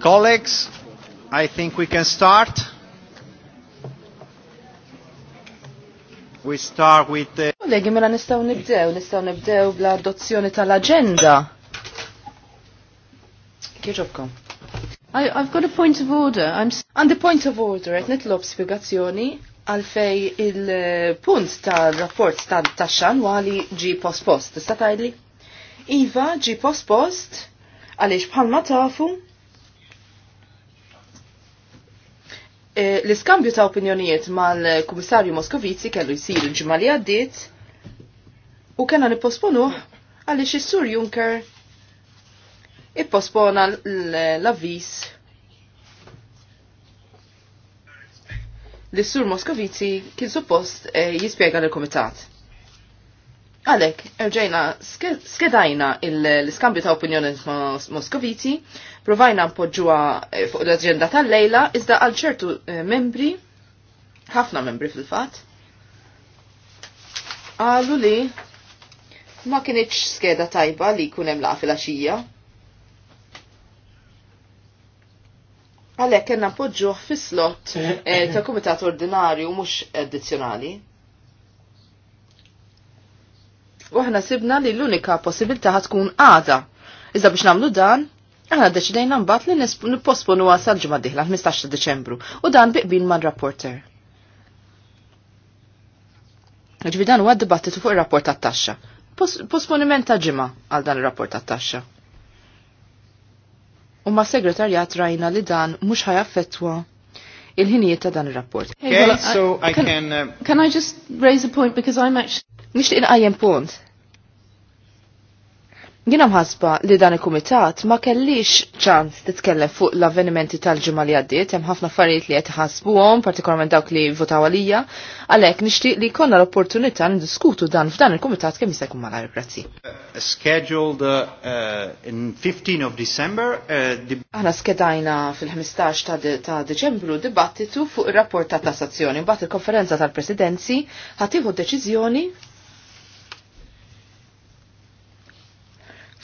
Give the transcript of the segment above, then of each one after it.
Colleagues, I think we can start. We start with the... Kollegi, mela nistaw nibdew, nistaw nibdew bla adozzjoni tal-agenda. Kieġobkom. I've got a point of order. I'm... And the point of order, et nitlob spiegazzjoni għalfej il-punt tal-rapport tal-taxxan għali ġi post-post. Tista tajli? Iva ġi post-post għalix bħalma tafu Eh, l-iskambju ta' opinjonijiet mal-Kummissarju Moskovici kellu jisir ġimali għaddit li għaddiet u kena nipposponu għaliex is-Sur Juncker ippospona l-avvis l-Sur Moskovici kien suppost eh, jispjega l-Komitat. Għalek, erġajna skedajna l-skambju ta' opinjoni ma' provajna npoġġuha eh, fuq l-agenda tal-lejla, iżda għal ċertu eh, membri, ħafna membri fil-fat, għallu li ma kienieċ skeda tajba li kunem la' fil-axija. Għalek, kena npoġġuħ fi slot eh, ta' komitat ordinarju mux addizjonali. U aħna sibna li l-unika possibilità tkun għada. Iżda biex namlu dan, aħna deċidejna mbagħad li nipposponu għasal ġimgħa diħla 15 ta' Deċembru u dan biqbin man-rapporter. Ġivi dan huwa dibattitu fuq ir-rapport ta' taxxa Posponiment ta' ġimgħa għal dan ir-rapport ta' taxxa U ma' segretarjat rajna li dan mhux ħajaffettwa il-ħinijiet ta' dan ir-rapport. Okay, so I can, can uh, I just raise a point because I'm actually Nixtieq inqajjem punt. Jina mħasba li dan il-kumitat ma kellix ċans titkellem fuq l-avvenimenti tal-ġimgħa li għaddiet, hemm ħafna affarijiet li qed għom, partikolarment dawk li votaw għalija, għalhekk nixtieq li jkollna l-opportunità ndiskutu dan f'dan il-kumitat kemm jista' jkun malajr grazzi. Uh, scheduled uh, uh, in 15 of December. Aħna skedajna fil-15 ta' Deċembru dibattitu fuq ir-rapport ta' tassazzjoni, mbagħad il-konferenza tal-Presidenzi ħatiħu deċiżjoni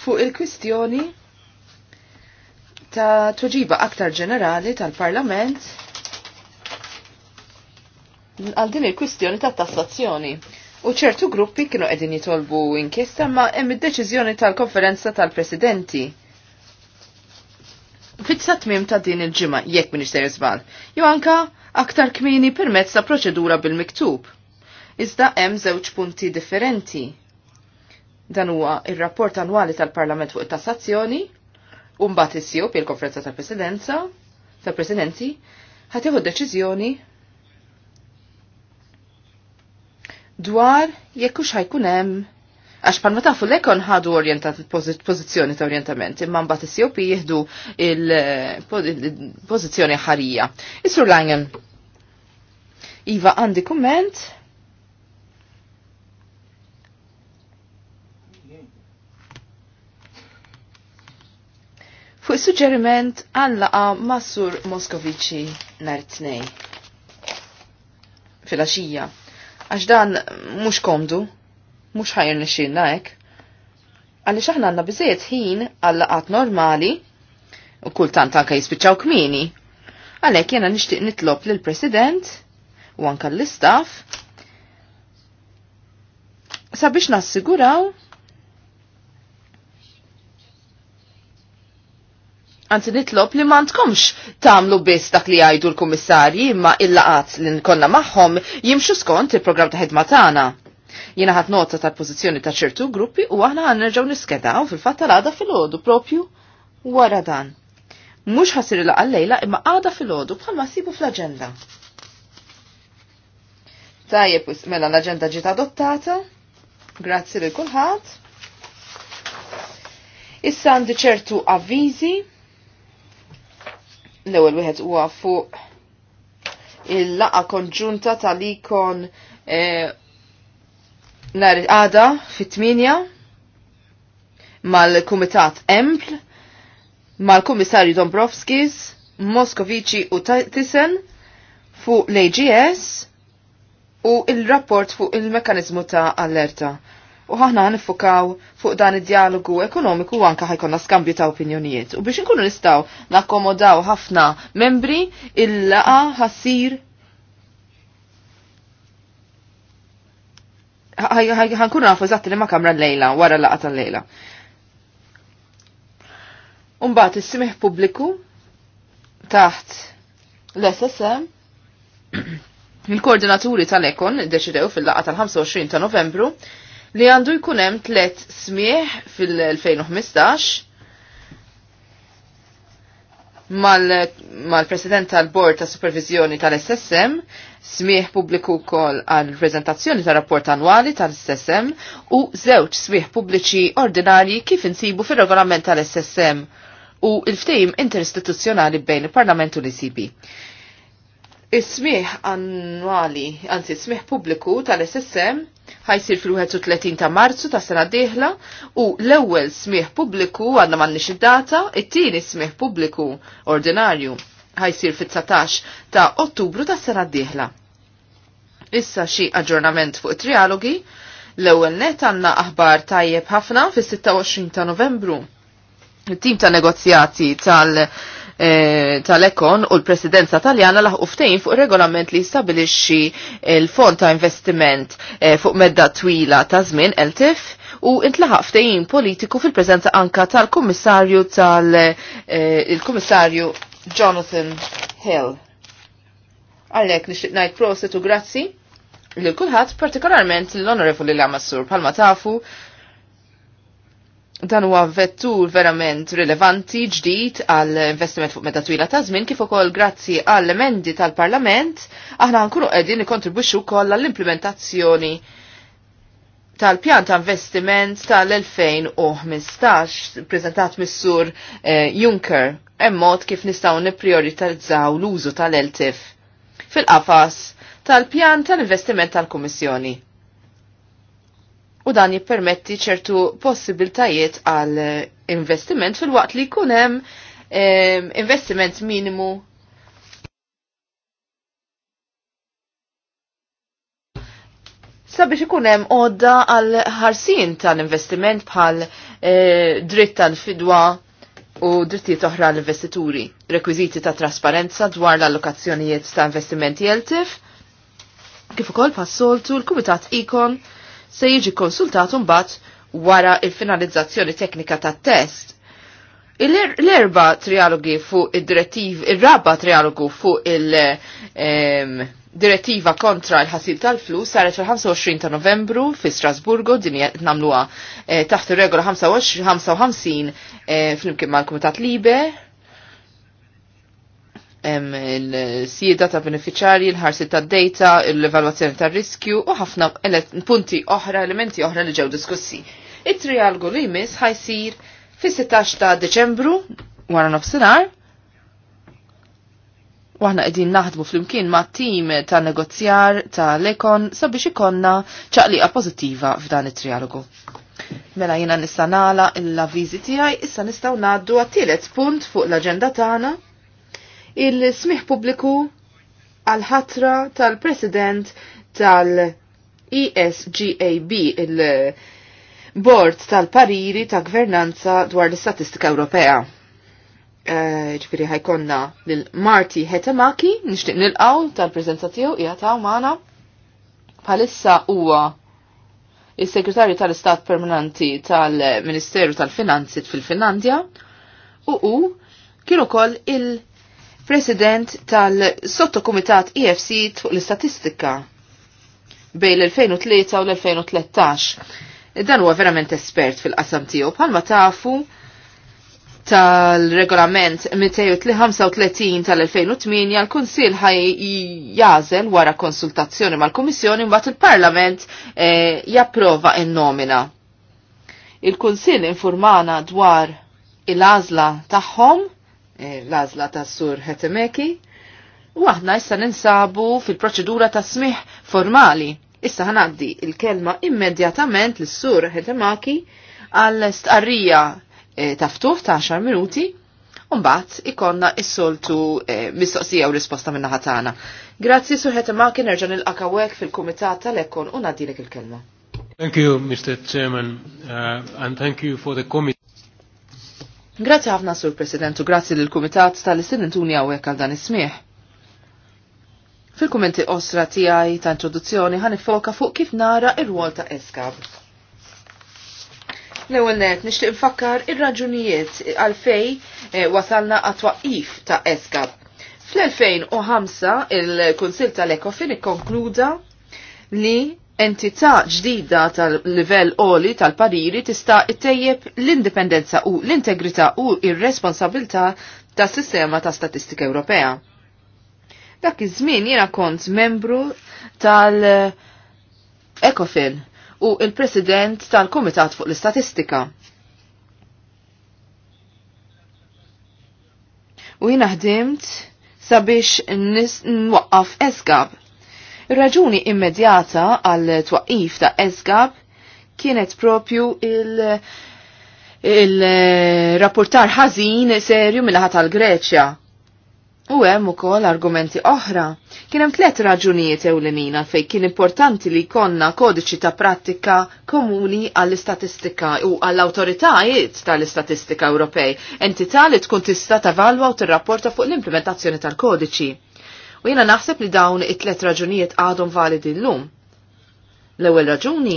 fuq il-kwistjoni ta' tweġiba aktar ġenerali tal-Parlament għal din il-kwistjoni ta' tassazzjoni. U ċertu gruppi kienu qegħdin jitolbu inkjesta ma' hemm id-deċiżjoni tal-konferenza tal-presidenti fit-sa ta' din il-ġimma, jekk minn iġtejr żbal, jew anka aktar kmini permezz ta' proċedura bil-miktub. Iżda hemm żewġ punti differenti. Dan huwa ir-rapport annwali tal-Parlament fuq it-tassazzjoni, u mbagħad issiew bil-konferenza tal-Presidenza tal-Presidenti ħad jieħu deċiżjoni dwar jekk hux ħajkun hemm għax pan ma tafu l-ekon ħadu orientat pozizjoni ta' orientament, imma mbagħad is jieħdu il-pożizzjoni ħarija. Isru Langen. Iva għandi kumment fuq suġġeriment għallaqa Massur Moskovici nar tnej fil Għax dan mux komdu, mux ħajr nixinna ek. Għalli xaħna għanna bizziet ħin għallaqat normali u kultant anka jispiċaw kmini. Għalek jena nishtiq nitlob lil president u anka l-istaff sabiex nassiguraw għanzi nitlob li ma għandkomx tamlu biss dak li għajdu l-kummissarji imma il-laqat li nkonna maħħom jimxu skont il-program ta' ħedma tagħna. Jiena ħadd nota tal-pożizzjoni ta' ċertu gruppi u aħna għannerġaw niskedaw fil-fatt tal-għada fil ħodu propju wara dan. Mhux ħasir il lejla imma għada fil-għodu bħalma sibu fl-aġenda. Tajjeb, mela l-aġenda ġiet adottata. Grazzi lil kulħadd. Issa għandi ċertu avviżi L-ewwel wieħed huwa fuq il-laqa konġunta tal-ikon e, nhar għada fit-tminja mal-Kumitat Empl, mal-Kummissarju Dombrovskis, Moskovici u Tisen fuq l-AGS u il-rapport fuq il-mekanizmu ta' allerta u ħahna nifukaw fuq dan id-dialogu ekonomiku u anka ħajkonna skambju ta' opinjonijiet. U biex nkunu nistaw nakkomodaw ħafna membri il-laqa ħassir ħankunu nafu eżatti li ma kamra l-lejla, wara laqa tal-lejla. Umbat il-simih pubbliku taħt l-SSM il-koordinaturi tal-ekon deċidew fil-laqa tal-25 ta' novembru li għandu jkun hemm tliet smieħ fil-2015 mal-President mal tal-Bord ta' Supervizjoni tal-SSM, smieħ pubbliku wkoll għal prezentazzjoni ta' rapport annwali tal-SSM u żewġ smieħ pubbliċi ordinarji kif insibu fir-regolament tal-SSM u il ftejm interistituzzjonali bejn il-Parlament u l-ICB. Is-smieħ annwali, anzi is-smieħ pubbliku tal-SSM ħajsir fil-31 ta' Marzu ta' sena d-dieħla u l-ewwel smieħ pubbliku għandna man id-data, it-tieni smieħ pubbliku ordinarju ħajsir fit-19 ta' Ottubru ta' sena d-dieħla. Issa xi aġġornament fuq trialogi, l-ewwel net għandna aħbar tajjeb ħafna fis-26 ta' Novembru. Il-tim ta' negozjati tal- Eh, tal-Ekon u l-Presidenza Taljana laħqu fuq regolament li jistabilixxi l-fond ta' investiment eh, fuq medda twila ta' żmien LTIF u intlaħaq ftejn politiku fil-preżenza anka tal-Kummissarju tal-Kummissarju eh, Jonathan Hill. Għalhekk nixtieq ngħid proset u grazzi lil kulħadd partikolarment l-Onorevoli Lamassur palma tafu Dan huwa vettur verament rilevanti ġdid għall investiment fuq meta twila ta' żmien kif ukoll grazzi għall emendi tal-Parlament aħna nkunu qegħdin nikkontribwixxu wkoll għall-implementazzjoni tal-pjan ta' investiment tal-2015 preżentat mis-sur eh, Juncker hemm mod kif nistgħu nipprioritizzaw l-użu tal-LTIF fil-qafas tal-pjan tal-investiment tal-Kummissjoni u dan jippermetti ċertu possibiltajiet għal eh, investiment fil-waqt li jkun hemm eh, investiment minimu sabiex ikun hemm għal ħarsin tal-investiment bħal eh, dritt tal-fidwa u drittijiet oħra l-investituri, rekwiżiti ta' trasparenza dwar l-allokazzjonijiet ta' investimenti jeltif, kif ukoll passoltu l-Kumitat Ikon se jiġi konsultat mbagħad wara il-finalizzazzjoni teknika tat-test. L-erba trialogi fuq id-direttiv, ir-raba trialogu fuq il- direttiva kontra l-ħasil tal-flus saret fil-25 ta' novembru fi Strasburgo din namluha eh, taħt ir-regola 55 eh, fl-imkien mal-Kumitat Libe il-sieda ta' beneficjarji, il-ħarsi ta' data, l-evalwazzjoni ta' riskju u ħafna punti oħra, elementi oħra li ġew diskussi. It-trialgu li jmiss ħajsir fis-16 ta' Deċembru wara nofsinhar. Waħna aħna qegħdin naħdmu flimkien ma' tim ta' negozjar ta' Lekon sabiex ikonna ċaqliqa pożittiva f'dan it-trialogu. Mela jiena nistanala il-la avviżi tiegħi issa nistgħu ngħaddu għat-tielet punt fuq l-aġenda tagħna il-smiħ pubbliku għal-ħatra tal-President tal-ESGAB, il-Bord tal-Pariri ta' Gvernanza dwar l-Istatistika Ewropea. Eh, ġifiri ħajkonna lil-Marti Hetemaki, nishtiq nilqaw tal-prezenza tiegħu jgħataw maħna. Palissa huwa il-Segretarju tal-Istat Permanenti tal-Ministeru tal-Finanzi fil-Finlandja u u kienu ukoll il- president tal-sottokumitat EFC fuq l-istatistika bejn l-2003 u l-2013. Dan huwa verament espert fil-qasam tiegħu bħalma tafu tal-regolament 235 tal-2008 l-Kunsil ħaj jażel wara konsultazzjoni mal-Kummissjoni mbagħad il-Parlament eh, japprova n nomina Il-Kunsil informana dwar il-għażla tagħhom Eh, l-azla ta' sur Hetemeki u aħna issa ninsabu fil-proċedura ta' smih formali. Issa ħanaddi il-kelma immedjatament l-sur Hetemaki għal stqarrija eh, ta' ftuħ ta' 10 minuti Umbat, ikonna is-soltu eh, mistoqsija u risposta minna ħatana. Grazzi Sur Hetemaki, nerġan il-akawek fil-Kumitat tal-Ekkon u nadilek il-kelma. Thank you, Mr. Chairman, uh, and thank you for the committee. Grazzi ħafna sur President u grazzi lill kumitat tal-istudentuni għawek għal dan ismieħ. Fil-kumenti osra tiegħi ta' introduzzjoni ħan foka fuq kif nara ir-rwol ta' Eskab. L-ewwel net nixtieq nfakkar ir-raġunijiet għalfej eh, wasalna għat-twaqif ta' Eskab. Fl-2005 il konsil tal-Ekofin ikkonkluda li entità ġdida tal-livell oli tal-pariri tista' ittejjeb l-indipendenza u l-integrità u ir-responsabilità tas sistema ta' statistika Ewropea. Dak iż-żmien jiena kont membru tal-ECOFIN u il-President tal-Kumitat fuq l-Istatistika. U jiena ħdimt sabiex nwaqqaf esgab Ir-raġuni immedjata għal twaqif ta' Esgab kienet propju il- il-rapportar eh, ħażin serju mill-ħat tal-Greċja. U hemm ukoll argumenti oħra. Kien hemm tliet raġunijiet ewlenina fejn kien importanti li konna kodiċi ta' prattika komuni għall-istatistika u għall-awtoritajiet tal-istatistika Ewropej, entità li tkun tista' tavalwa u tirrapporta fuq l-implementazzjoni tal-kodiċi. U jena naħseb li dawn it-tlet raġunijiet għadhom validi l-lum. L-ewwel raġuni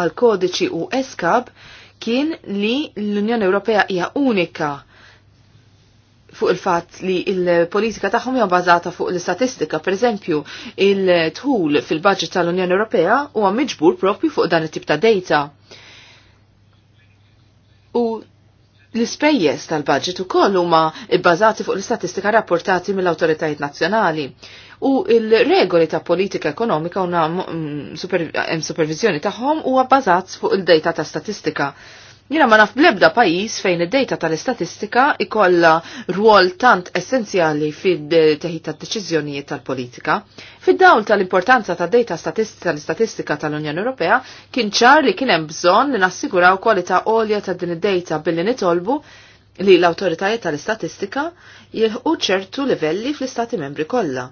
għal kodiċi u eskab kien li l-Unjoni Ewropea hija unika fuq il-fatt li il-politika tagħhom hija bażata fuq l-istatistika, pereżempju, il-tħul fil-budget tal-Unjoni Ewropea huwa miġbur propju fuq dan it-tip ta' data. U L-ispejjeż tal-budget ukoll huma bbażati fuq l-istatistika rapportati mill-awtoritajiet nazzjonali u il-regoli ta' politika ekonomika u supervizjoni tagħhom huwa bbażat fuq il-data ta' statistika. Jina ma naf blebda pajis fejn id-dejta tal-istatistika ikolla rwol tant essenzjali fid-teħid tad-deċiżjonijiet tal-politika. Fid-dawl tal-importanza ta' dejta tal-istatistika tal-Unjoni Ewropea kien ċar li kien hemm bżonn li nassiguraw kwalità għolja ta' din id-dejta billi nitolbu li l-autoritajiet tal-istatistika jilħu ċertu livelli fl-istati membri kollha.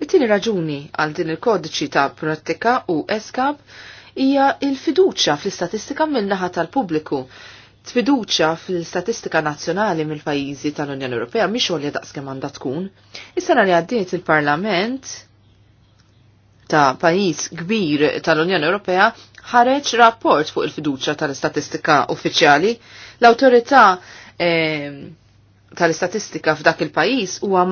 It-tieni raġuni għal din il-kodiċi ta' pratika u Eskab hija il-fiduċa fl-istatistika mill-naħa tal-pubbliku tfiduċa fil-statistika nazzjonali mill-pajjiżi tal-Unjoni Ewropea mhix għolja daqskemm għandha tkun. Is-sena li għaddiet il-Parlament ta' pajjiż kbir tal-Unjoni Ewropea ħareġ rapport fuq il-fiduċa tal-istatistika uffiċjali. L-awtorità eh, tal-istatistika f'dak il-pajis huwa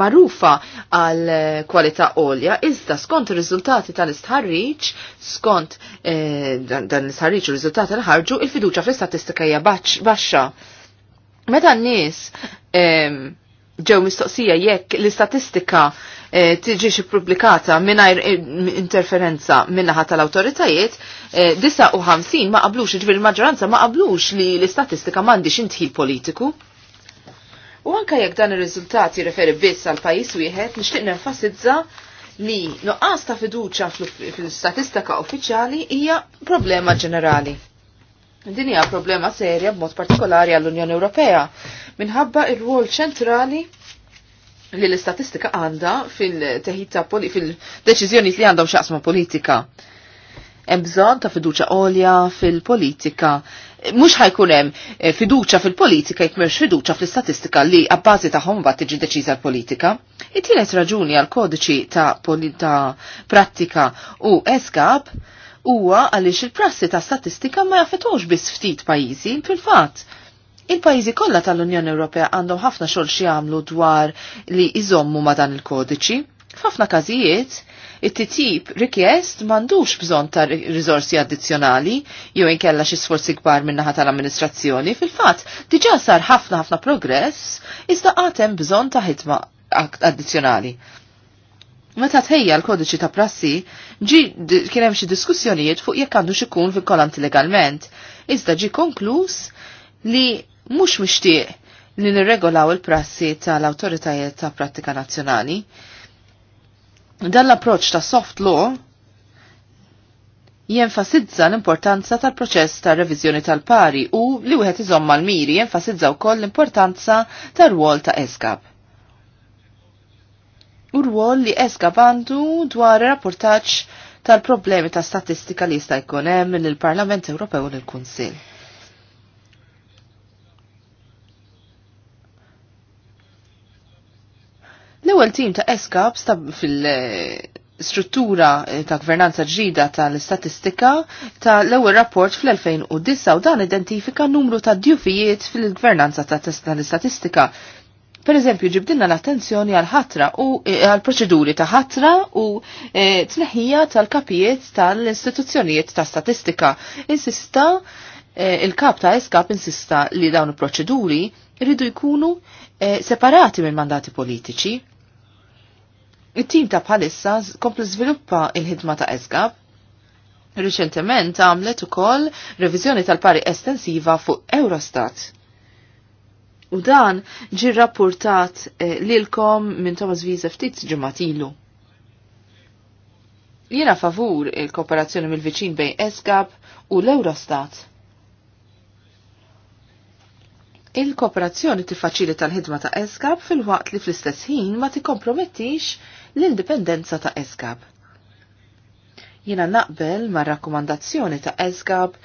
magħrufa għal kwalità għolja, iżda skont ir-riżultati tal-istħarriġ, skont eh, dan l-istħarriġ u r-riżultati l ħarġu il-fiduċa fl-istatistika hija baxxa. Meta n-nies eh, ġew mistoqsija jekk l-istatistika eh, tiġi pubblikata mingħajr eh, interferenza min-naħa tal-awtoritajiet, 59 eh, ma qablux, ġvil maġġoranza ma qablux li l-istatistika m'għandix intħil politiku. U anka jekk dan ir-riżultat jirreferi biss għal pajjiż wieħed, nixtieq nenfasizza li nuqqas ta' fiduċa fil-statistika uffiċjali hija problema ġenerali. Din hija problema serja b'mod partikolari għall-Unjoni Ewropea minħabba ir-rwol ċentrali li l-istatistika għandha fil-teħid fil deċiżjonijiet li għandhom x'aqsma politika. Hemm bżonn ta' fiduċa għolja fil-politika mhux ħajkun hemm eh, fiduċja fil-politika jekk fiduċa fil fl-istatistika li abbażi ta' homba tiġi deċiza l-politika. It-tielet raġuni għal kodiċi ta' polita prattika u eskab huwa għaliex il-prassi ta' statistika ma jaffetux biss ftit pajjiżi fil-fatt. Il-pajjiżi kollha tal-Unjoni Ewropea għandhom ħafna xogħol xi jagħmlu dwar li jżommu ma' dan il-kodiċi. F'ħafna każijiet, it-titjib rikjest mandux bżon ta' rizorsi addizzjonali jew inkella xi sforzi kbar minnaħa tal-amministrazzjoni fil-fatt diġà sar ħafna ħafna progress iżda għatem bżon ta' ħitma addizzjonali. Meta tħejja l-kodiċi ta' prassi, ġi kien hemm xi diskussjonijiet fuq jekk għandu ikun vinkolanti legalment, iżda ġi konkluż li mhux mixtieq li nirregolaw il-prassi tal-awtoritajiet ta' prattika nazzjonali Dan l-approċ ta' soft law jenfasizza l-importanza tal-proċess ta' reviżjoni tal-pari u li wieħed iżomm mal-miri jenfasizza wkoll l-importanza tar-rwol ta' eskab. U rwol li eskab għandu dwar rapportaċ tal-problemi ta' statistika li jista' jkun hemm lill-Parlament Ewropew u lill-Kunsill. L-ewwel tim ta' ESCAP fil- struttura eh, ta' gvernanza ġdida tal-istatistika ta' l-ewwel rapport fl-2009 u dan identifika numru ta' djufijiet fil-gvernanza tal-istatistika. Per eżempju, ġibdinna l-attenzjoni għal ħatra u eh, għal proċeduri ta' ħatra u eh, tneħija tal-kapijiet tal-istituzzjonijiet ta' statistika. Insista il-kap ta' eskap insista li dawn il-proċeduri rridu jkunu separati minn mandati politiċi it-tim ta' bħalissa komplu żviluppa il-ħidma ta' Esgab Riċentement għamlet ukoll reviżjoni tal-pari estensiva fuq Eurostat. U dan ġi rapportat eh, lilkom minn Thomas Wiese ftit ġematilu. Jiena favur il-kooperazzjoni mill-viċin bejn ESGAB u l-Eurostat il-kooperazzjoni tiffaċilita l-ħidma ta' ESCAP fil-waqt li fl-istess ħin ma tikkompromettix l-indipendenza ta' ESCAP. Jina naqbel ma' rakkomandazzjoni ta' ESCAP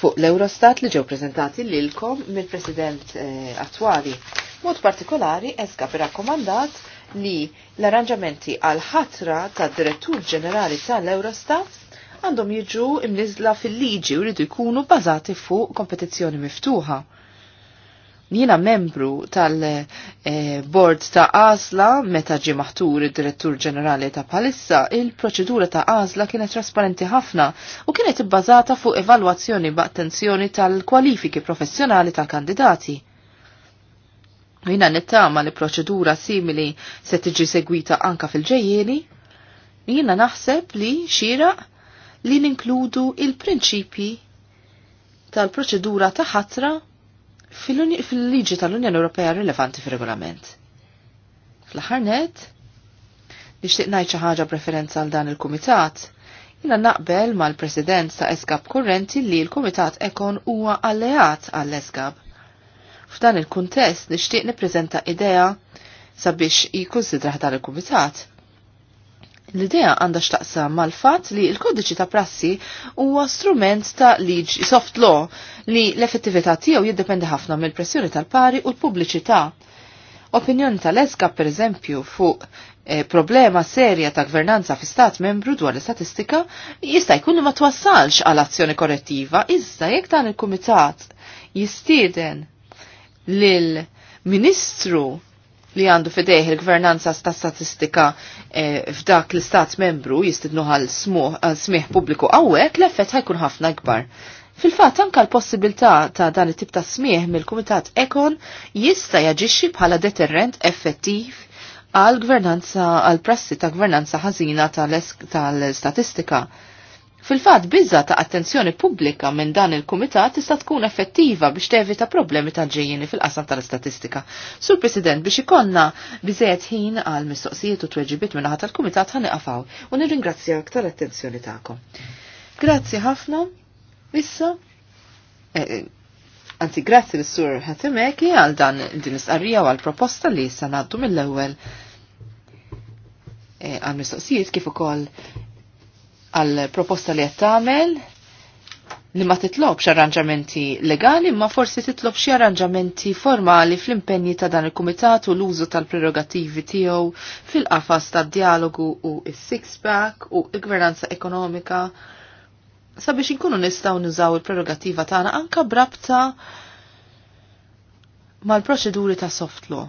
fuq l-Eurostat li ġew prezentati lilkom mill-President eh, attwali. Mod partikolari ESCAP rakkomandat li l-arranġamenti għal ħatra ta' Direttur Ġenerali tal-Eurostat għandhom jiġu imnizla fil-liġi u rridu jkunu bazati fuq kompetizzjoni miftuħa Jiena membru tal eh, bord ta' Asla meta ġi maħtur id-Direttur Ġenerali ta' Palissa, il-proċedura ta' Asla kienet trasparenti ħafna u kienet ibbażata fuq evalwazzjoni ba' attenzjoni tal-kwalifiki professjonali tal-kandidati. Jina nittama li proċedura simili se tiġi segwita anka fil-ġejjeni, jina naħseb li xira li ninkludu il-prinċipi tal-proċedura ta' ħatra fil-liġi tal-Unjoni Ewropea rilevanti fil-regolament. Fl-aħħar net, nixtieq ngħid xi ħaġa preferenza għal dan il-kumitat, jina naqbel mal-president ta' Eskab kurrenti li l-Kumitat Ekon huwa alleat għall-Eskab. F'dan il-kuntest nixtieq nippreżenta idea sabiex jikkunsidraħ dan il-Kumitat L-idea għandha xtaqsam mal-fatt li l-kodiċi ta' prassi huwa strument ta' liġ soft law li l-effettività tiegħu jiddependi ħafna mill-pressjoni tal-pari u l-pubbliċità. Opinjoni tal-eska per eżempju fuq e, problema serja ta' gvernanza fi stat membru dwar l-istatistika jista' jkun ma twassalx għal azzjoni korrettiva iżda jekk dan il-kumitat jistieden lil ministru li għandu fideħ il-gvernanza sta' statistika e, f'dak l-istat membru jistidnu għal smieħ pubbliku għawek l-effett ħajkun ħafna gbar. Fil-fat anka l-possibilità ta' dan it-tip ta' smieħ mill-Kumitat Ekon jista' jaġixxi bħala deterrent effettiv għal gvernanza għal prassi ta' gvernanza ħażina tal-statistika. tal statistika Fil-fat bizza ta' attenzjoni pubblika minn dan il-Kumitat tista' tkun effettiva biex tevita problemi ta' ġejjini fil-qasam tal-istatistika. Sur President biex ikonna biżejjed ħin għal mistoqsijiet u tweġibiet minn ħat tal-Kumitat ħaniqafaw u nirringrazzja aktar attenzjoni tagħkom. Grazzi ħafna. Issa, eh, eh, anzi grazzi l-sur Hatemeki għal dan din isqarrija u għal proposta li sa ngħaddu mill-ewwel eh, għal mistoqsijiet kif ukoll għal proposta li qed tagħmel li ma titlobx arranġamenti legali ma forsi titlob xi arranġamenti formali fl-impenji ta' dan il-kumitat u l-użu tal-prerogativi tiegħu fil-qafas tad-dialogu u s-six pack u l-gvernanza ekonomika sabiex inkunu nistgħu nużaw il-prerogativa tagħna anka brabta mal-proċeduri ta' soft law.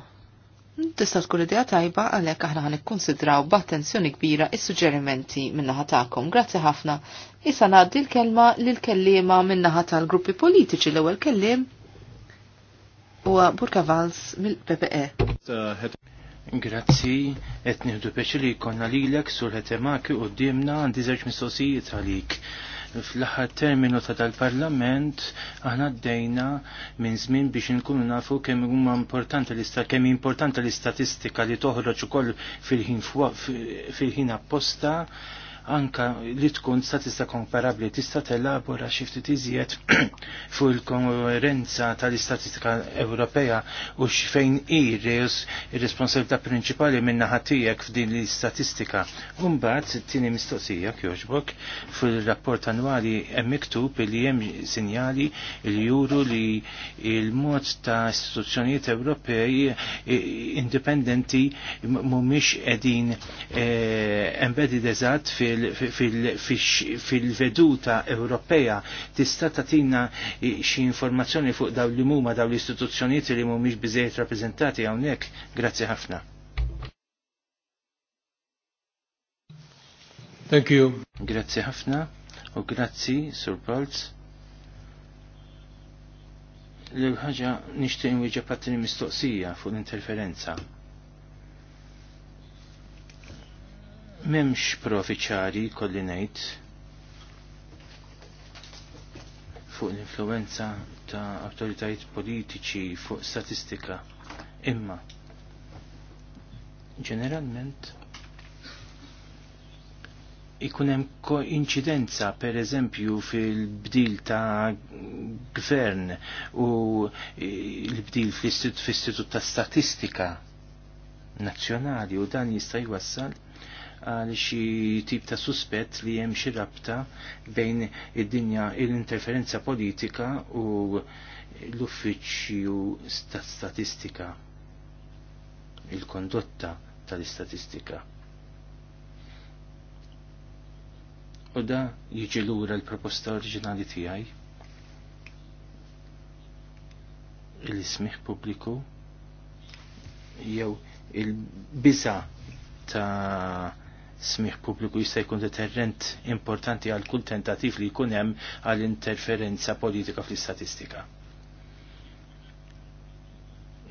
Tista' tkun idea tajba għalhekk aħna ħan ikkunsidraw b'attenzjoni kbira is-suġġerimenti min-naħa tagħkom. Grazzi ħafna. Issa ngħaddi l-kelma lil kelliema min-naħa tal-gruppi politiċi l-ewwel kelliem huwa Burka Valls mill-PPE. Grazzi, qed nieħdu peċi li jkollna lilek sur ħetemaki qudiemna għandi żewġ mistoqsijiet għalik fl-aħħar terminu ta' tal-Parlament aħna għaddejna minn żmien biex inkunu nafu kemm huma importanti l-ista kemm importanti l-istatistika li toħroġ ukoll fil-ħin fil-ħin apposta anka li tkun tista' komparabli tista' telabora xi ftit iżjed fuq il-konkurenza tal-istatistika Ewropea u x'fejn hi ir-responsabilità prinċipali minna ħatijek f'din l-istatistika. Mbagħad tieni mistoqsija jogħġbok fil-rapport annwali hemm miktub li hemm sinjali li juru li il-mod ta' istituzzjonijiet Ewropej indipendenti mhumiex qegħdin eh, embedded eżatt fil fil-veduta Ewropea tista' tatina xi informazzjoni fuq daw li huma daw l-istituzzjonijiet li mhumiex biżejjed rappreżentati hawnhekk. Grazzi ħafna. Thank you. Grazzi ħafna u grazzi Sur Palz. L-ħaġa nixtieq inwieġeb mistoqsija fuq l-interferenza Memx profiċari kolli nejt fuq l-influenza ta' autoritajt politiċi fuq statistika. Imma, ġeneralment, ikunem koincidenza per eżempju fil-bdil ta' gvern u l-bdil fil-istitut ta' statistika nazzjonali u dan jista' jwassal għal xi tip ta' suspett li hemm xi rabta bejn id-dinja l-interferenza politika u l-uffiċċju ta' statistika il-kondotta tal-istatistika. U da jiġi lura l-proposta oriġinali tiegħi. Il-ismiħ pubbliku jew il-biża ta' smiħ pubbliku jista' jkun deterrent importanti għal kull tentativ li jkun hemm għal interferenza politika fl-istatistika.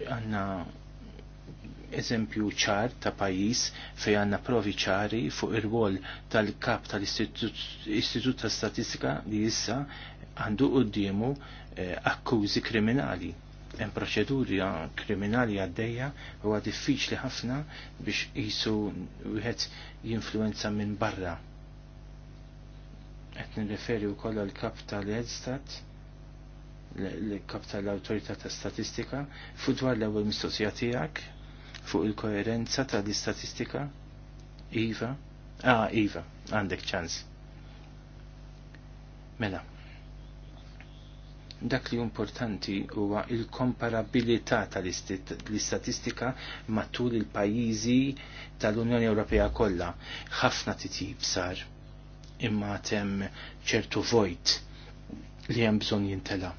Għanna eżempju ċar ta' pajis fej għanna provi ċari fuq ir wol tal-kap tal-Istitut ta' Statistika li issa għandu qoddiemu eh, akkużi kriminali hemm proċeduri kriminali għaddejja huwa diffiċli ħafna biex qisu wieħed jinfluenza minn barra. Qed nirreferi wkoll għal kap tal-Edstat l-kap tal-Awtorità ta' Statistika fuq dwar l-ewwel mistoqsija tiegħek fuq il-koerenza tal-istatistika Iva, ah Iva, għandek ċans. Mela, dak li importanti huwa il-komparabilità tal-istatistika matul il-pajjiżi tal-Unjoni Ewropea kollha. Ħafna titjib sar imma tem ċertu vojt li hemm bżonn jintela.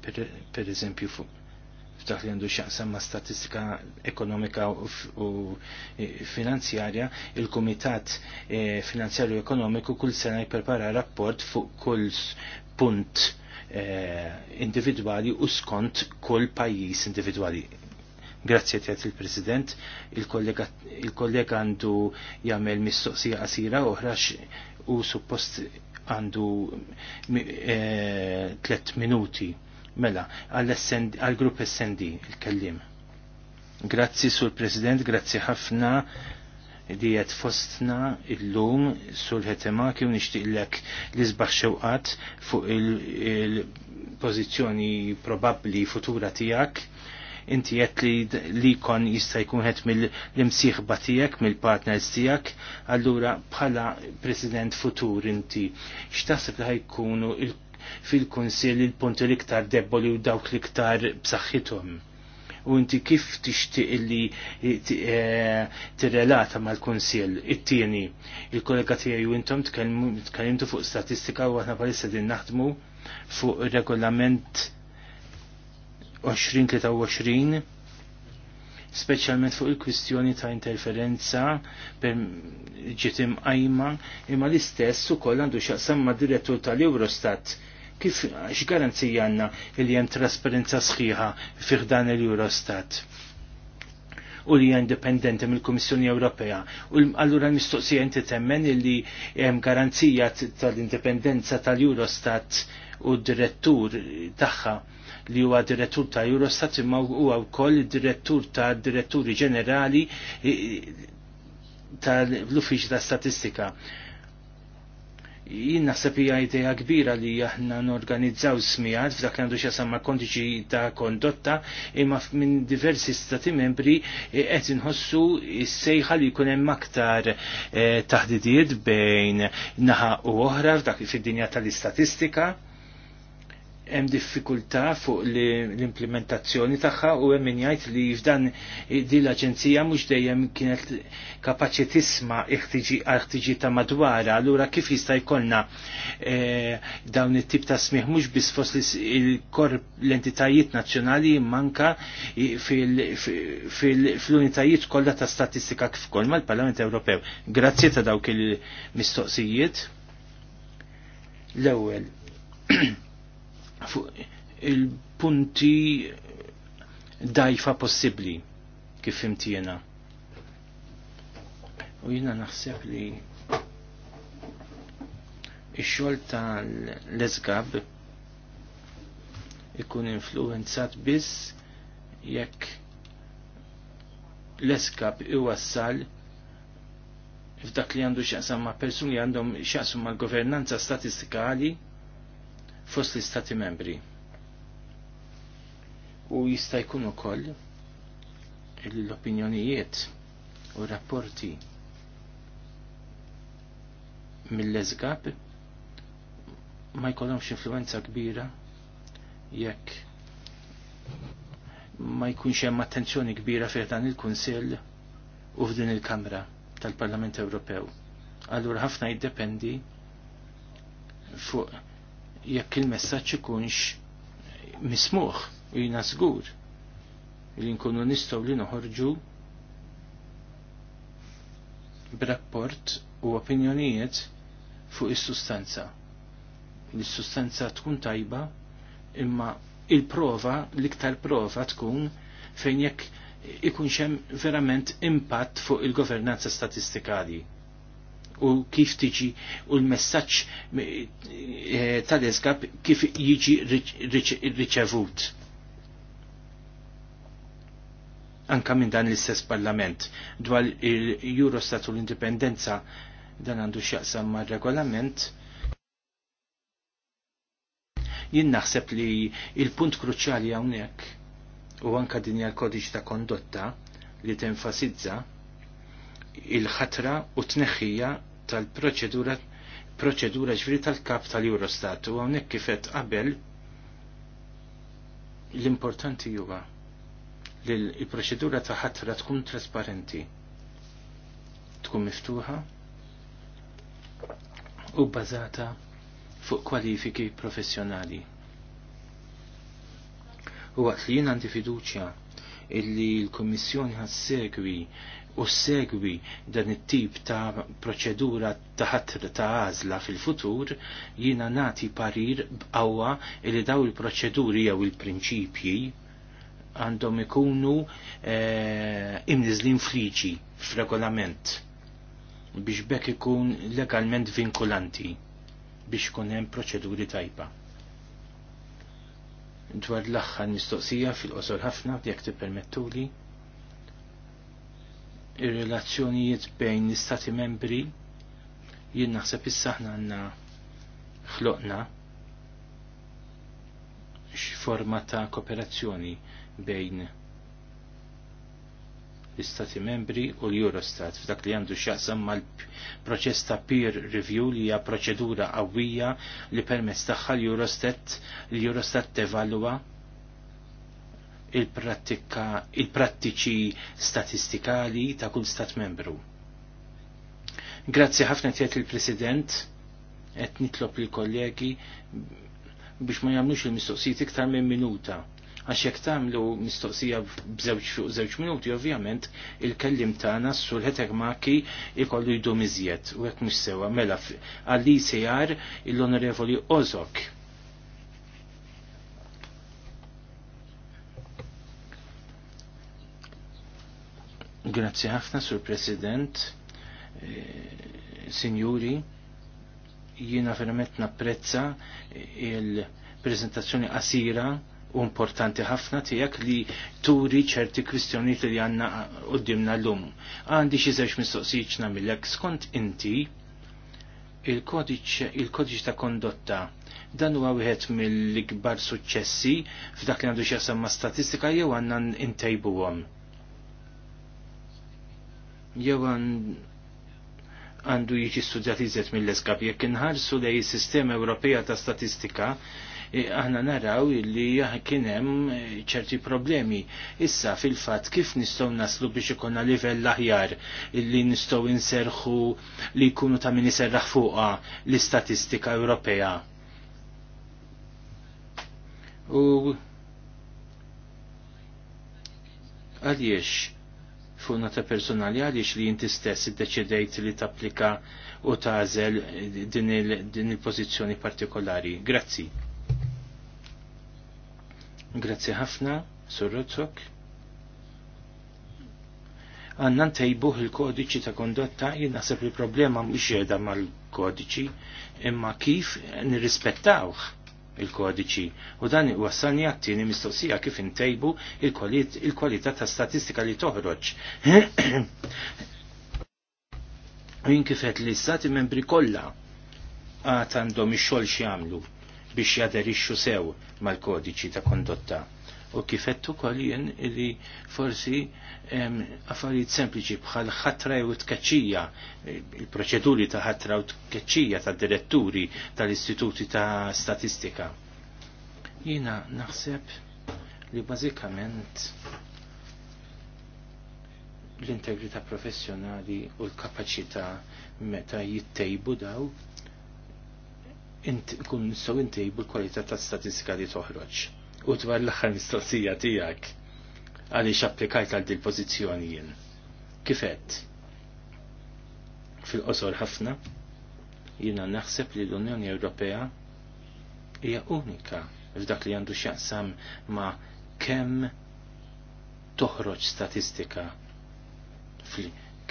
Per, per eżempju fuq f'dak li għandu xaqsam statistika ekonomika u e, finanzjarja, il-Kumitat e, Finanzjarju Ekonomiku kull sena jipprepara rapport fuq kull punt e, individwali u skont kull pajjiż individwali. Grazie għet il-President, il-kollega għandu jagħmel mistoqsija qasira oħra u suppost għandu tliet minuti Mela, għal-grupp SND, il-kellim. Grazzi sur President, grazzi ħafna li għed fostna illum ħetema kif u lek li sbaħ xewqat fuq il-pożizzjoni probabbli futura tiegħek inti qed li li kon jista jkun qed mill imsieħba tiegħek mill-partners tiegħek, allura bħala president futur inti, x'taħseb li ħajkunu il fil konsil il-punti l-iktar deboli u dawk l-iktar b'saħħithom. U inti kif tixtieq illi eh, eh, tirrelata mal-Kunsill. It-tieni, il-kollega tiegħi u intom tkellimtu fuq statistika u aħna bħalissa din naħdmu fuq regolament 2023 speċjalment fuq il-kwistjoni ta' interferenza per ġiet imqajma imma l-istess ukoll għandu x'aqsam ma' direttur tal-Eurostat kif x'garanzija għandna li hemm trasparenza sħiħa fih dan il-Eurostat u li indipendenti mill-Kummissjoni Ewropea. U allura mistoqsija inti temmen li hemm garanzija tal-indipendenza tal-Eurostat u d-direttur tagħha li huwa direttur ta' Eurostat imma huwa wkoll direttur ta' diretturi ġenerali eh, tal-Uffiċċju ta' Statistika. Jien naħseb hija idea kbira li aħna norganizzaw smijat f'dak għandu xi sama kontiġi ta' kondotta imma minn diversi stati membri eh, qed inħossu s-sejħa li jkun hemm aktar eh, taħdidiet bejn naħa u oħra f'dak fid-dinja tal-istatistika hemm diffikultà fuq l-implementazzjoni tagħha u hemm min jgħid li f'dan din l-aġenzija mhux dejjem kienet kapaċi tisma' ħtiġi ta' madwara, allura kif jista' jkollna eh, dawn it-tip ta' smih mhux biss fost il-korp l-entitajiet nazzjonali manka fil-unitajiet kollha ta' statistika kif ukoll mal-Parlament Ewropew. Grazzi ta' dawk il-mistoqsijiet. L-ewwel. fuq il-punti dajfa possibli kif imtijena. U jina naħseb li ix-xogħol tal-leżgab ikun influenzat biss jekk l-eskab iwassal f'dak li għandu xaqsam ma' persuni għandhom xaqsam ma' governanza statistikali fost l-istati membri. U jista' jkun ukoll l-opinjonijiet u rapporti mill-eżgab ma jkollhomx influenza kbira jekk ma jkunx hemm attenzjoni kbira fejn dan il-Kunsill u f'din il-Kamra tal-Parlament Ewropew. Allura ħafna jiddependi fuq jekk il-messaġġ ikunx mismuħ u jina żgur li nkunu nistgħu li noħorġu b'rapport u opinjonijiet fuq is-sustanza. L-sustanza tkun tajba imma il-prova, l-iktar prova tkun fejn jekk ikun xem verament impatt fuq il-governanza statistikali u kif tiġi u l-messaġġ eh, tal-eskap kif jiġi riċevut. Anka minn dan l-istess parlament dwar il-Eurostat u l-indipendenza dan għandu x'jaqsam ma' regolament jien naħseb li il-punt kruċjali hawnhekk u anka din hija l-kodiċ ta' kondotta li tenfasizza il-ħatra u tneħħija tal-proċedura proċedura ġviri tal-kap tal-Eurostat u għonek kifet qabel l-importanti juba li l-proċedura ta' ħatra tkun trasparenti tkun miftuħa u bazata fuq kwalifiki professjonali. U għat li jien għandi fiduċja illi l għas ħassegwi u segwi dan it-tip ta' proċedura ta' ħatr ta' għażla fil-futur jiena nati parir b'qawwa li daw il-proċeduri jew il-prinċipji għandhom ikunu e, eh, imnizlin fliġi f'regolament biex bekk ikun legalment vinkulanti biex kun hemm proċeduri tajba. Dwar l-aħħar mistoqsija fil-qosor ħafna jekk tippermettuli. permettuli ir-relazzjonijiet bejn l-istati membri jien naħseb issa aħna għandna ħloqna x'forma ta' kooperazzjoni bejn l-istati membri u l-Eurostat f'dak li għandu x'jaqsam mal-proċess ta' peer review li hija proċedura qawwija li permezz tagħha l-Eurostat l-Eurostat tevalwa il-prattiċi il statistikali ta' kull stat membru. Grazzi ħafna tiet il-President, et nitlob il-kollegi biex ma jamlux il-mistoqsijiet iktar minn minuta. Għax jekk tagħmlu mistoqsija b'żewġ fuq żewġ minuti, ovvjament il-kellim tagħna sul ħetek maki ikollu jdu miżjed u hekk mhux sewa mela għalli sejar l-Onorevoli Ozok. Grazzi ħafna, Sur President, eh, Sinjuri, jiena verament napprezza il-prezentazzjoni qasira u importanti ħafna tiegħek li turi ċerti kwistjoni li għandna qudiemna llum. Għandi xi żewġ mistoqsijiet nagħmilek skont inti il-kodiċ ta' kondotta dan huwa wieħed mill-ikbar suċċessi f'dak li għandu xi ma' statistika jew għandna ntejbuhom. In jew għandu jiġi studjat iżet mill-eskap. Jekk inħarsu lej sistema Ewropea ta' statistika, eh, aħna naraw li kien hemm eh, ċerti problemi. Issa fil-fatt kif nistgħu naslu biex ikunna livell aħjar illi nistgħu inserħu li jkunu ta' min iserraħ fuqha l-istatistika Ewropea. U għaliex fuq nota personali għaliex li jinti stess iddeċidejt li tapplika u tażel din il-pożizzjoni partikolari. Grazzi. Grazzi ħafna, Surrozzok. Rozzok. Għanna ntejbuh il-kodiċi ta' kondotta, jien naħseb li problema mhux jeda mal-kodiċi, imma kif nirrispettawh il-kodiċi u dan wassalni għattini mistoqsija kif intejbu il-kwalità ta' statistika li toħroġ. U jinkifet li stati membri kollha għat għandhom ix-xogħol xi jagħmlu biex jaderixxu sew mal-kodiċi ta' kondotta u kifettu ukoll jien li forsi affarijiet sempliċi bħal ħatra u tkeċċija, il-proċeduri ta' ħatra u tkeċċija ta' diretturi tal-istituti ta' statistika. Jiena naħseb li bażikament l-integrità professjonali u l-kapaċità meta jittejbu daw kun nistgħu intejbu l-kwalità ta' statistika li toħroġ U dwar l-aħħar mistoqsija tiegħek għaliex applikajt għal il pożizzjoni jien. Kifet? Fil-qosor ħafna, jiena naħseb li l-Unjoni Ewropea hija unika f'dak li għandu x'jaqsam ma' kemm toħroġ statistika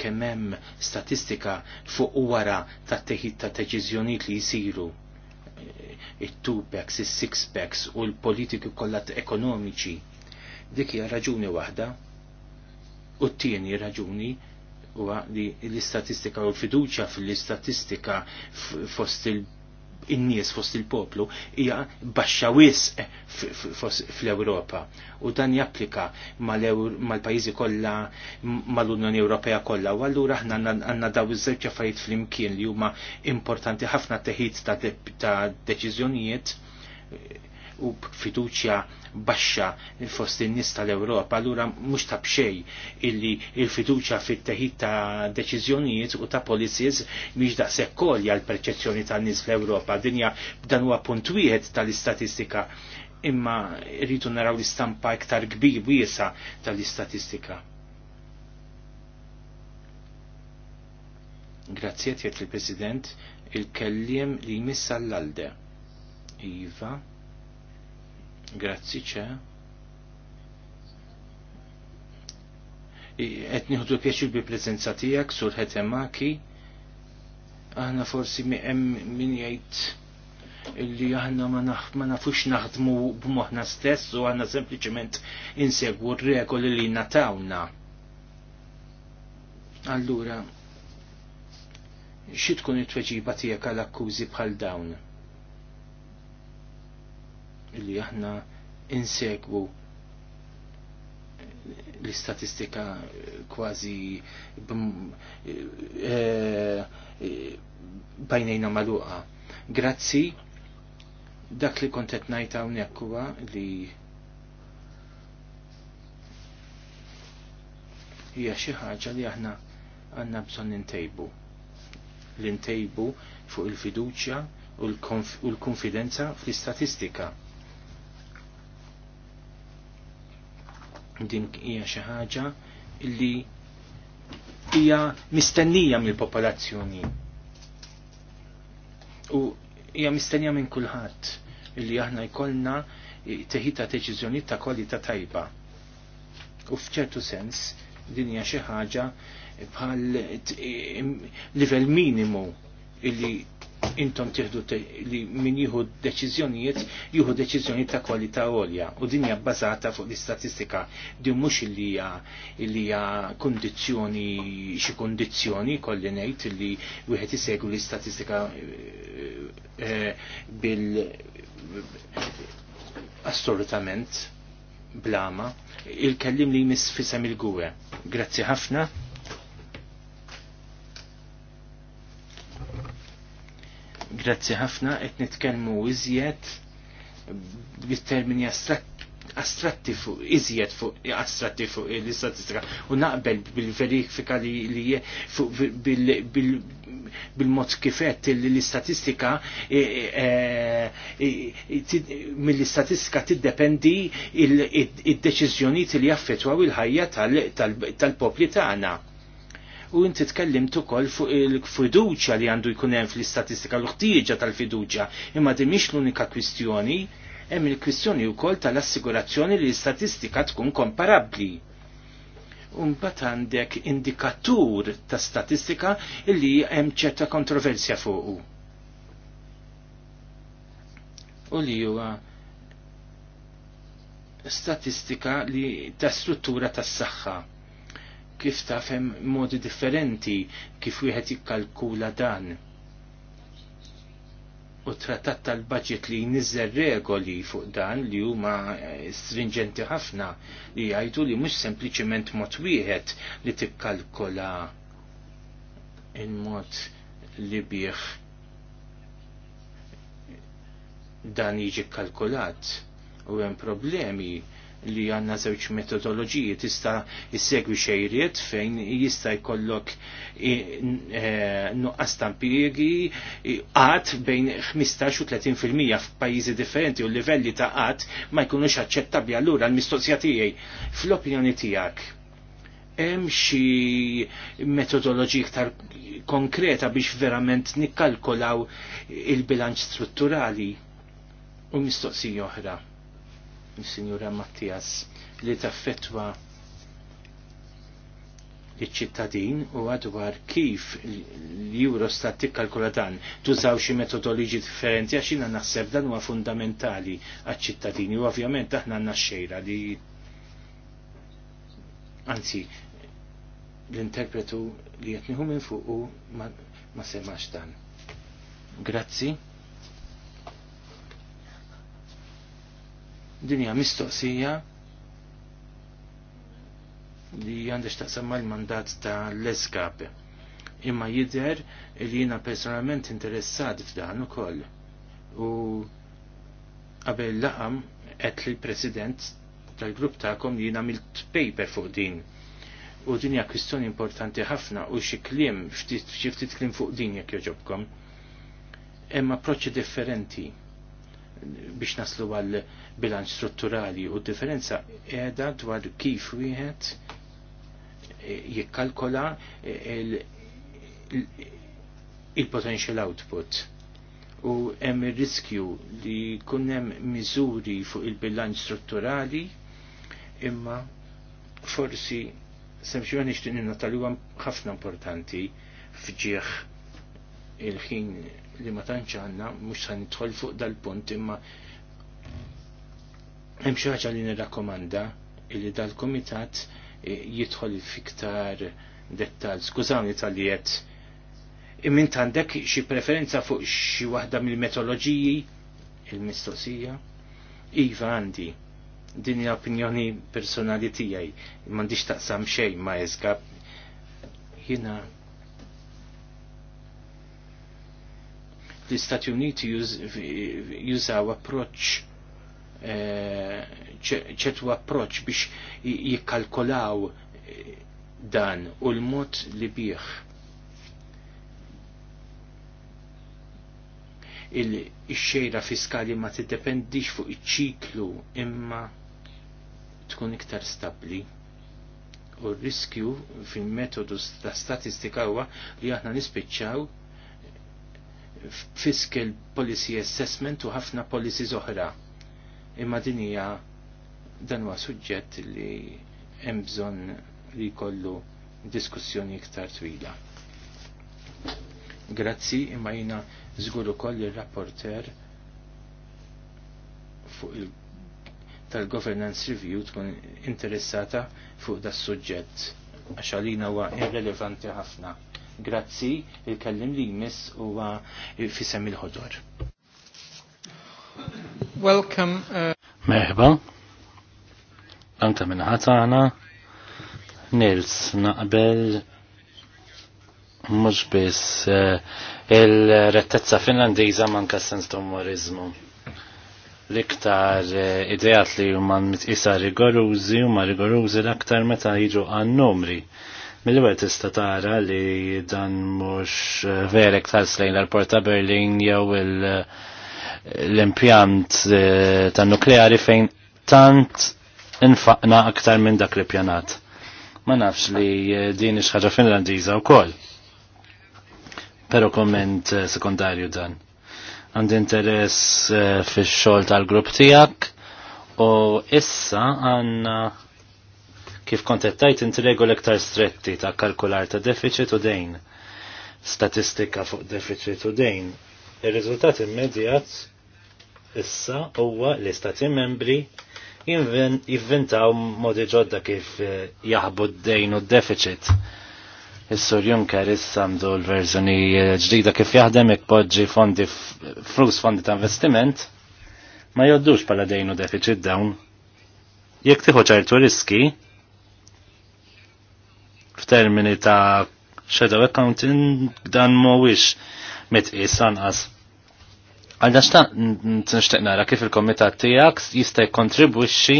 kemm hemm statistika fuq wara tat-teħid ta' deċiżjonijiet li jsiru il-two-packs, il-six-packs u l politiku kollha ekonomiċi. Dik hija raġuni waħda u t-tieni raġuni huwa li l-istatistika u l-fiduċja fil-istatistika fost il- in-nies fost il-poplu hija baxxa wisq fl-Ewropa u dan japplika mal-pajjiżi kollha mal-Unjoni Ewropea kollha u allura aħna għandna daw iż-żewġ affarijiet flimkien li huma importanti ħafna teħid ta' deċiżjonijiet u b'fiduċja baxxa fost in-nies tal-Ewropa, allura mhux ta' bxej illi l fiduċja fit-teħid ta' deċiżjonijiet u ta' policies mhix daqshekk kolja l-perċezzjoni tan-nies fl-Ewropa. Dinja dan huwa punt wieħed tal-istatistika imma rridu naraw l-istampa iktar kbir wiesa tal-istatistika. Grazzi jett il-President il-kellim li jmissa l-alde. Iva Grazzi ċe. Qed nieħdu pjaċir bi prezenza tiegħek sur Hetemaki. Aħna forsi mi hemm min jgħid illi aħna ma nafux naħdmu b'moħħna stess u aħna sempliċement insegwu r-regoli li natawna. Allura, xi tkun it-tweġiba tiegħek għal akkużi bħal dawn? illi aħna insegwu l-istatistika kważi eh, eh, bajnejna maluqa. Grazzi, dak li kontet najta unjakkuwa li hija xi ħaġa li aħna għandna bżonn nintejbu. L-intejbu fuq il-fiduċja u l-konfidenza fl-istatistika. Din hija xi ħaġa li hija mistennija mill-popolazzjoni. U hija mistennija minn kulħadd illi aħna jkollna teħita deċiżjonijiet ta' kwalità tajba. U f'ċertu sens din hija xi ħaġa bħal livell minimu illi intom tieħdu li min jieħu deċiżjonijiet jieħu deċiżjoni ta' kwalità għolja u din hija bbażata fuq l-istatistika din mhux li hija li hija kundizzjoni xi kundizzjoni kolli ngħid li wieħed isegwu l-istatistika eh, eh, bil assolutament blama il-kellim li jmiss fisem il-gwe. Grazzi ħafna. Grazzi ħafna, qed nitkellmu iżjed bit-termini astratti fuq iżjed fuq astratti fuq l-istatistika u naqbel bil-verifika li fuq bil-mod qed l-istatistika e- e- e- mill-istatistika tiddependi id-deċiżjonijiet li jaffettwaw il-ħajja tal-popli tagħna u inti tkellimt ukoll fuq il-fiduċja li għandu jkun hemm fl-istatistika l-ħtieġa tal-fiduċja, imma di mhix l-unika kwistjoni, hemm il-kwistjoni wkoll tal-assigurazzjoni li l-istatistika tkun komparabbli. Umbat għandek indikatur ta' statistika illi hemm ċerta kontroversja fuq. U li huwa statistika li ta' struttura tas-saħħa kif fem modi differenti kif wieħed jikkalkula dan. U trattat tal-budget li jnizzer regoli fuq dan li huma eh, stringenti ħafna li jgħidu li mhux sempliċement mod wieħed li tikkalkola in mod li bih dan jiġi kalkulat u hemm problemi li għanna zewċ metodologiji tista jissegwi xejriet fejn jista jkollok e, nuqqas tampiegi għat bejn 15 u 30% f'pajjiżi differenti u livelli ta' għat ma jkunux aċċettabbli allura l-mistoqsija tiegħi fl-opinjoni tiegħek hemm xi metodoloġi iktar konkreta biex verament nikkalkolaw il-bilanċ strutturali u mistoqsija oħra il-Sinjura Mattias, li taffetwa iċ-ċittadin u għadwar kif l-Eurostat tikkalkula dan tużaw xi metodoloġi differenti għax jiena naħseb dan huwa fundamentali għal ċittadini u ovvjament aħna għandna xejra li anzi l-interpretu li qed minn fuq ma, ma semax dan. Grazzi. Dinja mistoqsija li għandix taqsam mal-mandat ta' l-eskap. Imma jider li jina personalment interessat f'dan ukoll. U qabel laqam għet li l-president tal-grupp ta'kom li jina milt paper fuq din u din hija kwistjoni importanti ħafna u xi kliem xi ftit kliem fuq din jekk joġobkom. Hemm approċċi differenti biex naslu għal bilanċ strutturali u differenza edha dwar kif wieħed eh, jikkalkola eh, il-potential output u hemm ir-riskju li jkun hemm miżuri fuq il-bilanċ strutturali imma forsi semxie nixtieq ninna ħafna importanti fġieħ il-ħin li ma tantx għandna mhux se nidħol fuq dal-punt imma hemm xi ħaġa li nirrakkomanda li dal-kumitat eh, jidħol fiktar dettal. Skużawni tal-li qed Imint għandek xi preferenza fuq xi waħda mill metoloġiji il-mistoqsija? Iva għandi din opinjoni personali tijaj, mandiċ taqsam xej ma jizgab, jina l-Istati Uniti jużaw approċ eh, ċetu approċ biex jikkalkolaw eh, dan u l-mod li bieħ il-xejra fiskali ma tiddependix fuq iċ-ċiklu imma tkun iktar stabli. U r-riskju fil-metodu ta' statistika huwa li aħna nispiċċaw fiscal policy assessment u ħafna policies oħra. Imma din hija dan huwa suġġett li hemm bżonn li jkollu diskussjoni iktar twila. Grazzi imma jiena żgur ukoll ir-rapporter fuq il tal-governance review tkun interessata fuq das suġġett għax għalina huwa irrelevanti ħafna. Grazzi, il-kellim li jmiss u fissem il-ħodor. Welcome. Uh... Merħba. Anka minn ħatana. Nils, naqbel mux biss uh, il-rettezza finlandiza manka sens tomorizmu. L-iktar uh, idejat li huma isa rigorużi huma rigorużi l-aktar meta jiġu għan numri Mill-ewwel tista' tara li dan mhux eh, verek tħasslejn l porta Berlin jew eh, l-impjant eh, tan-nukleari fejn tant infaqna aktar minn dak li pjanat. Ma nafx li din ix ħaġa Finlandiża wkoll. Però komment sekundarju dan. Għandi interess fix-xogħol tal-grupp tiegħek u issa għandna Kif kontettajt inti regol iktar stretti ta' kalkular ta' deficit u dejn. Statistika fuq deficit u dejn. Ir-riżultat immedjat issa huwa li stati membri jivvintaw modi ġodda kif eh, jaħbu d-dejn u d-deficit. Is-Sur Juncker issa għandu l-verżjoni eh, ġdida kif jaħdem ikpoġġi fondi flus fondi ta' investiment ma joddux pala dejn u deficit dawn. Jekk tieħu ċertu riski, f'termini ta' shadow accounting dan mhuwiex mitqis anqas. Għal nixtieq nara kif il-komitat tiegħek jista' jikkontribwixxi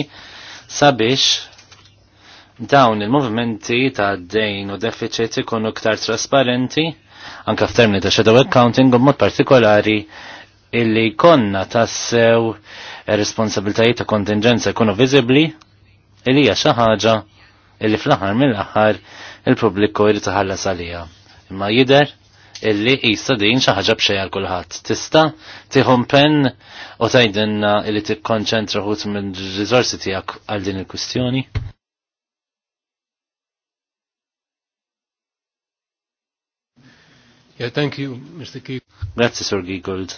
sabiex dawn il-movimenti ta' dejn u deficit ikunu ktar trasparenti anka f'termini ta' shadow accounting u mod partikolari illi konna tassew responsabiltajiet ta' kontingenza jkunu viżibbli illi hija xi ħaġa illi fl-aħħar mill-aħħar il-pubbliku jrid taħallas għalija. Imma jidher illi jista din xi ħaġa b'xejn għal kulħadd. Tista' tieħum pen u tgħidilna li tikkonċentra ħut mill-riżorsi tiegħek għal din il-kwistjoni? Yeah, thank you, Mr. Keith. Grazie, Sir Giegold.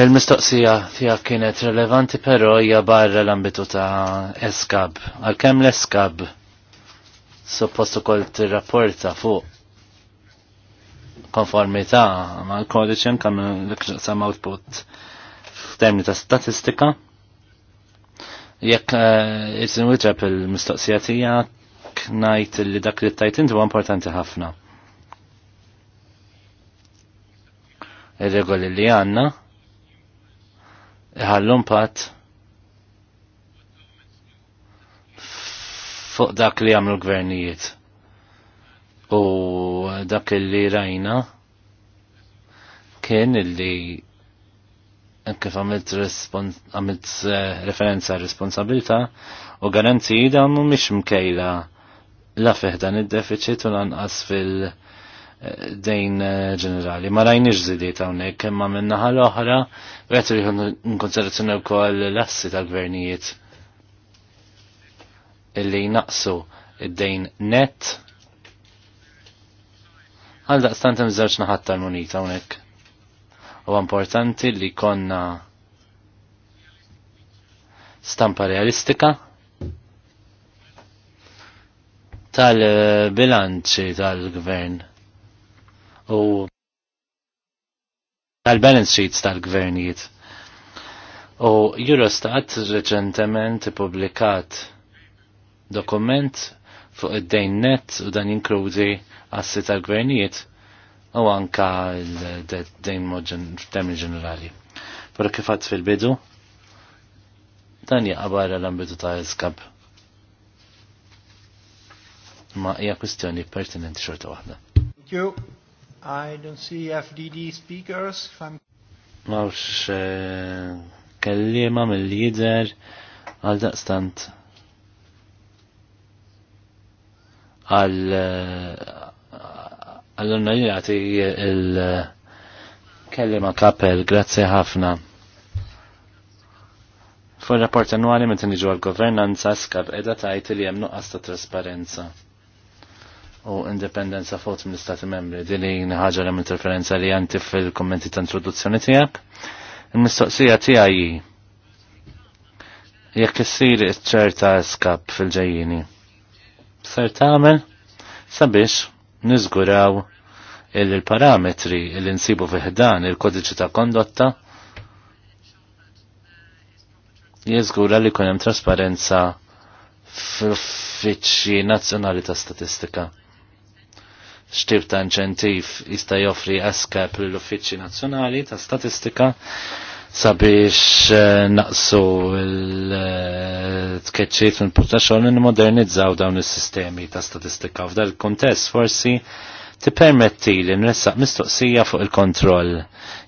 Il-mistoqsija tiegħek kienet relevanti però hija barra l-ambitu ta' eskab. Għalkemm l-eskab suppost ukoll tirrapporta fuq konformità ma' l-kodiċen kam l-iksam output f'termini ta' statistika. Jekk jisin eh, il-mistoqsija tiegħek ngħid li dak li tajt inti huwa importanti ħafna. Ir-regoli li għandna ħallum pat fuq dak li għamlu gvernijiet u dak li rajna kien illi kif għamilt għamilt eh, referenza responsabilta u garanziji da mumiex mkejla la fiħdan id-deficit u lanqas fil- dejn eh, ġenerali. Ma rajniex zidiet hawnhekk imma minn naħa l-oħra qed konservazzjoni u wkoll l-assi tal-gvernijiet illi naqsu id-dejn net għal daqstant hemm żewġ naħat tal-munita hawnhekk. Huwa importanti li konna stampa realistika tal-bilanċi tal-gvern u tal-balance sheets tal-gvernijiet. U Eurostat reċentement publikat dokument fuq id-dejn net u dan jinkludi assi tal-gvernijiet u anka l-dejn termin ġenerali. Pero kifat fil-bidu, dan jaqbara l-ambidu ta' eskab. Ma hija kwestjoni pertinenti xorta waħda. Thank you. I don't see FDD speakers. Mawx eh, kellima mill-lider għal daqstant għal eh, għal jgħati il-kellima kapel, grazie ħafna. Fu rapport annuali meta niġu għal-governanza skab edha tajt li hemm nuqqas ta' trasparenza u indipendenza fot mill istati membri. Din li ħaġa hemm interferenza li għanti fil-kommenti ta' introduzzjoni tiegħek. Il-mistoqsija tiegħi jekk issir iċ-ċerta skap fil-ġejjini. Ser tagħmel sabiex niżguraw il-parametri li nsibu fiħdan il-kodiċi ta' kondotta jizgura li kunem trasparenza fl-uffiċċji nazzjonali ta' statistika xtib ta' inċentiv jista' joffri per l-Uffiċċji Nazzjonali ta' Statistika sabiex eh, naqsu l-tkeċċiet eh, minn portaxol n modernizzaw dawn is-sistemi ta' statistika. F'dal kontest forsi tippermetti li nressaq mistoqsija fuq il-kontroll.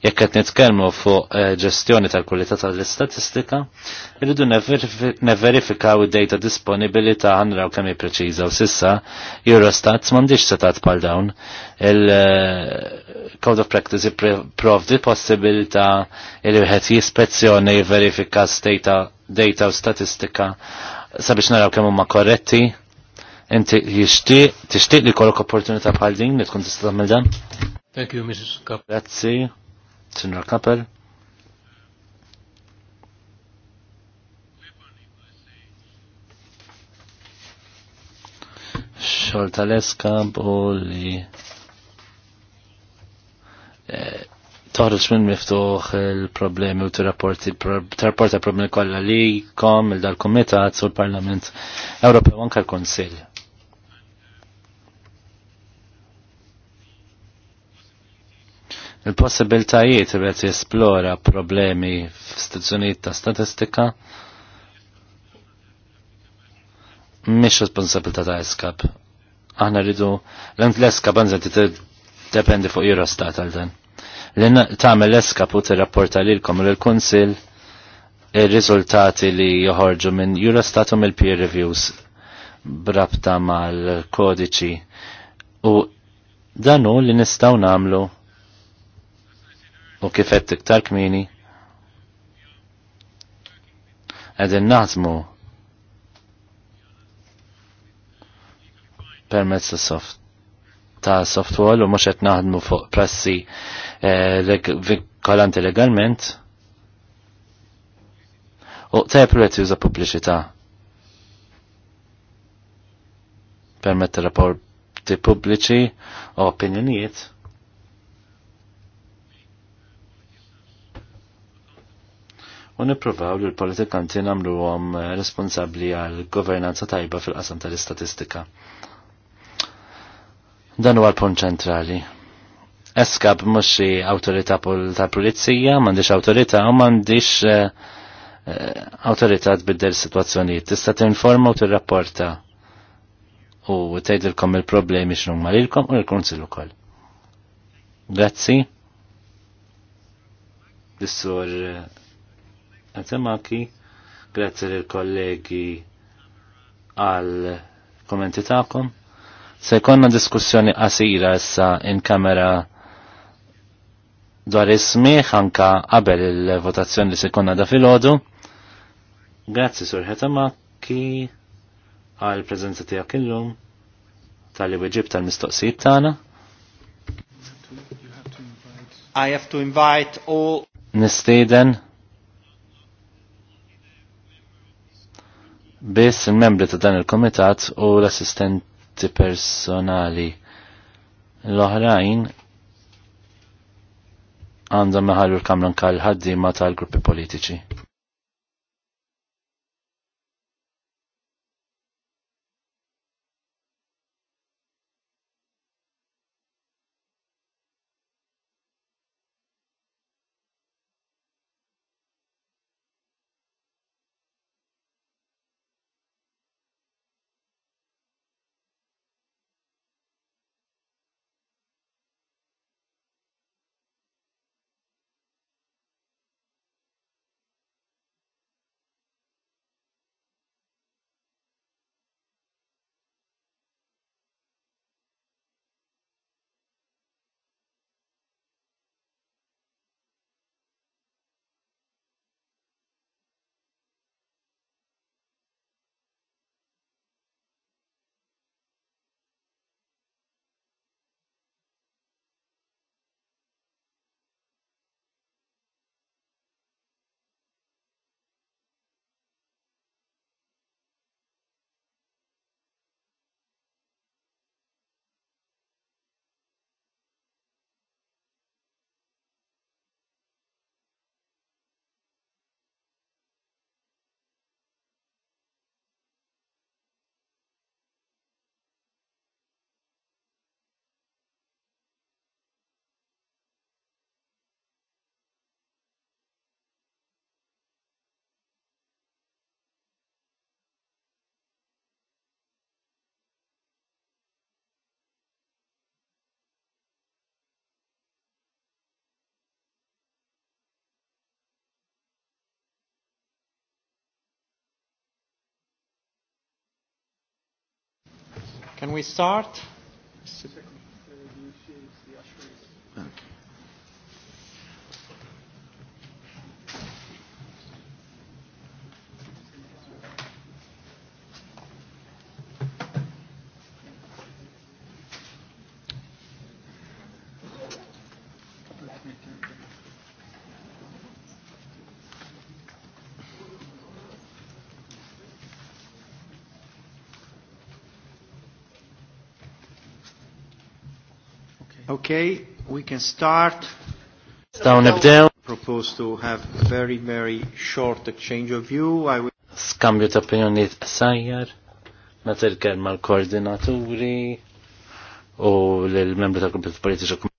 Jekk qed nitkellmu fuq eh, ġestjoni tal-kwalità tal-istatistika, irridu neverifikaw id-data disponibbli ta' ħanraw kemm hi preċiża u sissa Eurostat m'għandix setat pal dawn. Il-Code eh, of Practice provdi possibilità li wieħed jispezzjoni verifika data u statistika sabiex naraw kemm huma korretti Inti jixtieq tixtieq li kollok opportunità bħal din li tkun tista' tagħmel dan? Thank you, Mrs. Kapel. Grazzi, Sinjor Kappel. xol tal-eskab u li eh, toħroġ minn miftuħ il-problemi u t t-rapporta problemi kollha li kom il-dal-Kumitat u l-Parlament Ewropew anke l-Kunsill. il-possibiltajiet irrid jesplora problemi f'istazzjonijiet ta' statistika mhix responsabilità ta' eskab. Aħna rridu l-ent l-eskab għanżet dependi fuq Eurostat għal dan. Li tagħmel l-eskab u tirrapporta lilkom l kunsil ir-riżultati li joħorġu minn Eurostat u mill-peer reviews brabta mal-kodiċi u danu li nistaw namlu u kifet iktar kmini għedin naħdmu permezz soft ta' softwall u mhux qed naħdmu fuq prassi eh, kolanti legalment u teplu qed juża pubbliċità permett rapporti pubbliċi u opinjonijiet u nipprovaw li l-politikanti għom responsabbli għal governanza tajba fil-qasam tal-istatistika. Dan huwa l-punt ċentrali. Eskab mhux xi awtorità tal-pulizija, m'għandix awtorità u m'għandix eh, eh, awtorità tbiddel situazzjonijiet. Tista' tinforma u tirrapporta u tgħidilkom il-problemi x'nhom lilkom u l-kunsil ukoll. Grazzi. Bissur eh, Atemaki, grazzi lill kollegi għal kommenti tagħkom. Se jkollna diskussjoni qasira issa in kamera dwar ismiħ anka qabel il-votazzjoni li se konna da filgħodu. Grazzi Sur Hetamaki għal prezenza tiegħek illum tal-li weġib tal-mistoqsijiet tagħna. I have to invite all Nistiden biss il-membri ta' dan il-komitat u l-assistenti personali. L-oħrajn għandhom meħallu l-kamran kal ħaddiema tal-gruppi politiċi. Can we start? Okay, we can start. Staw nibdew. Propose to have a very, very short exchange of view. I will... Skambju ta' opinjoniet sajjar, ma' l ma' l-koordinaturi u l-membru ta' grupp politiċi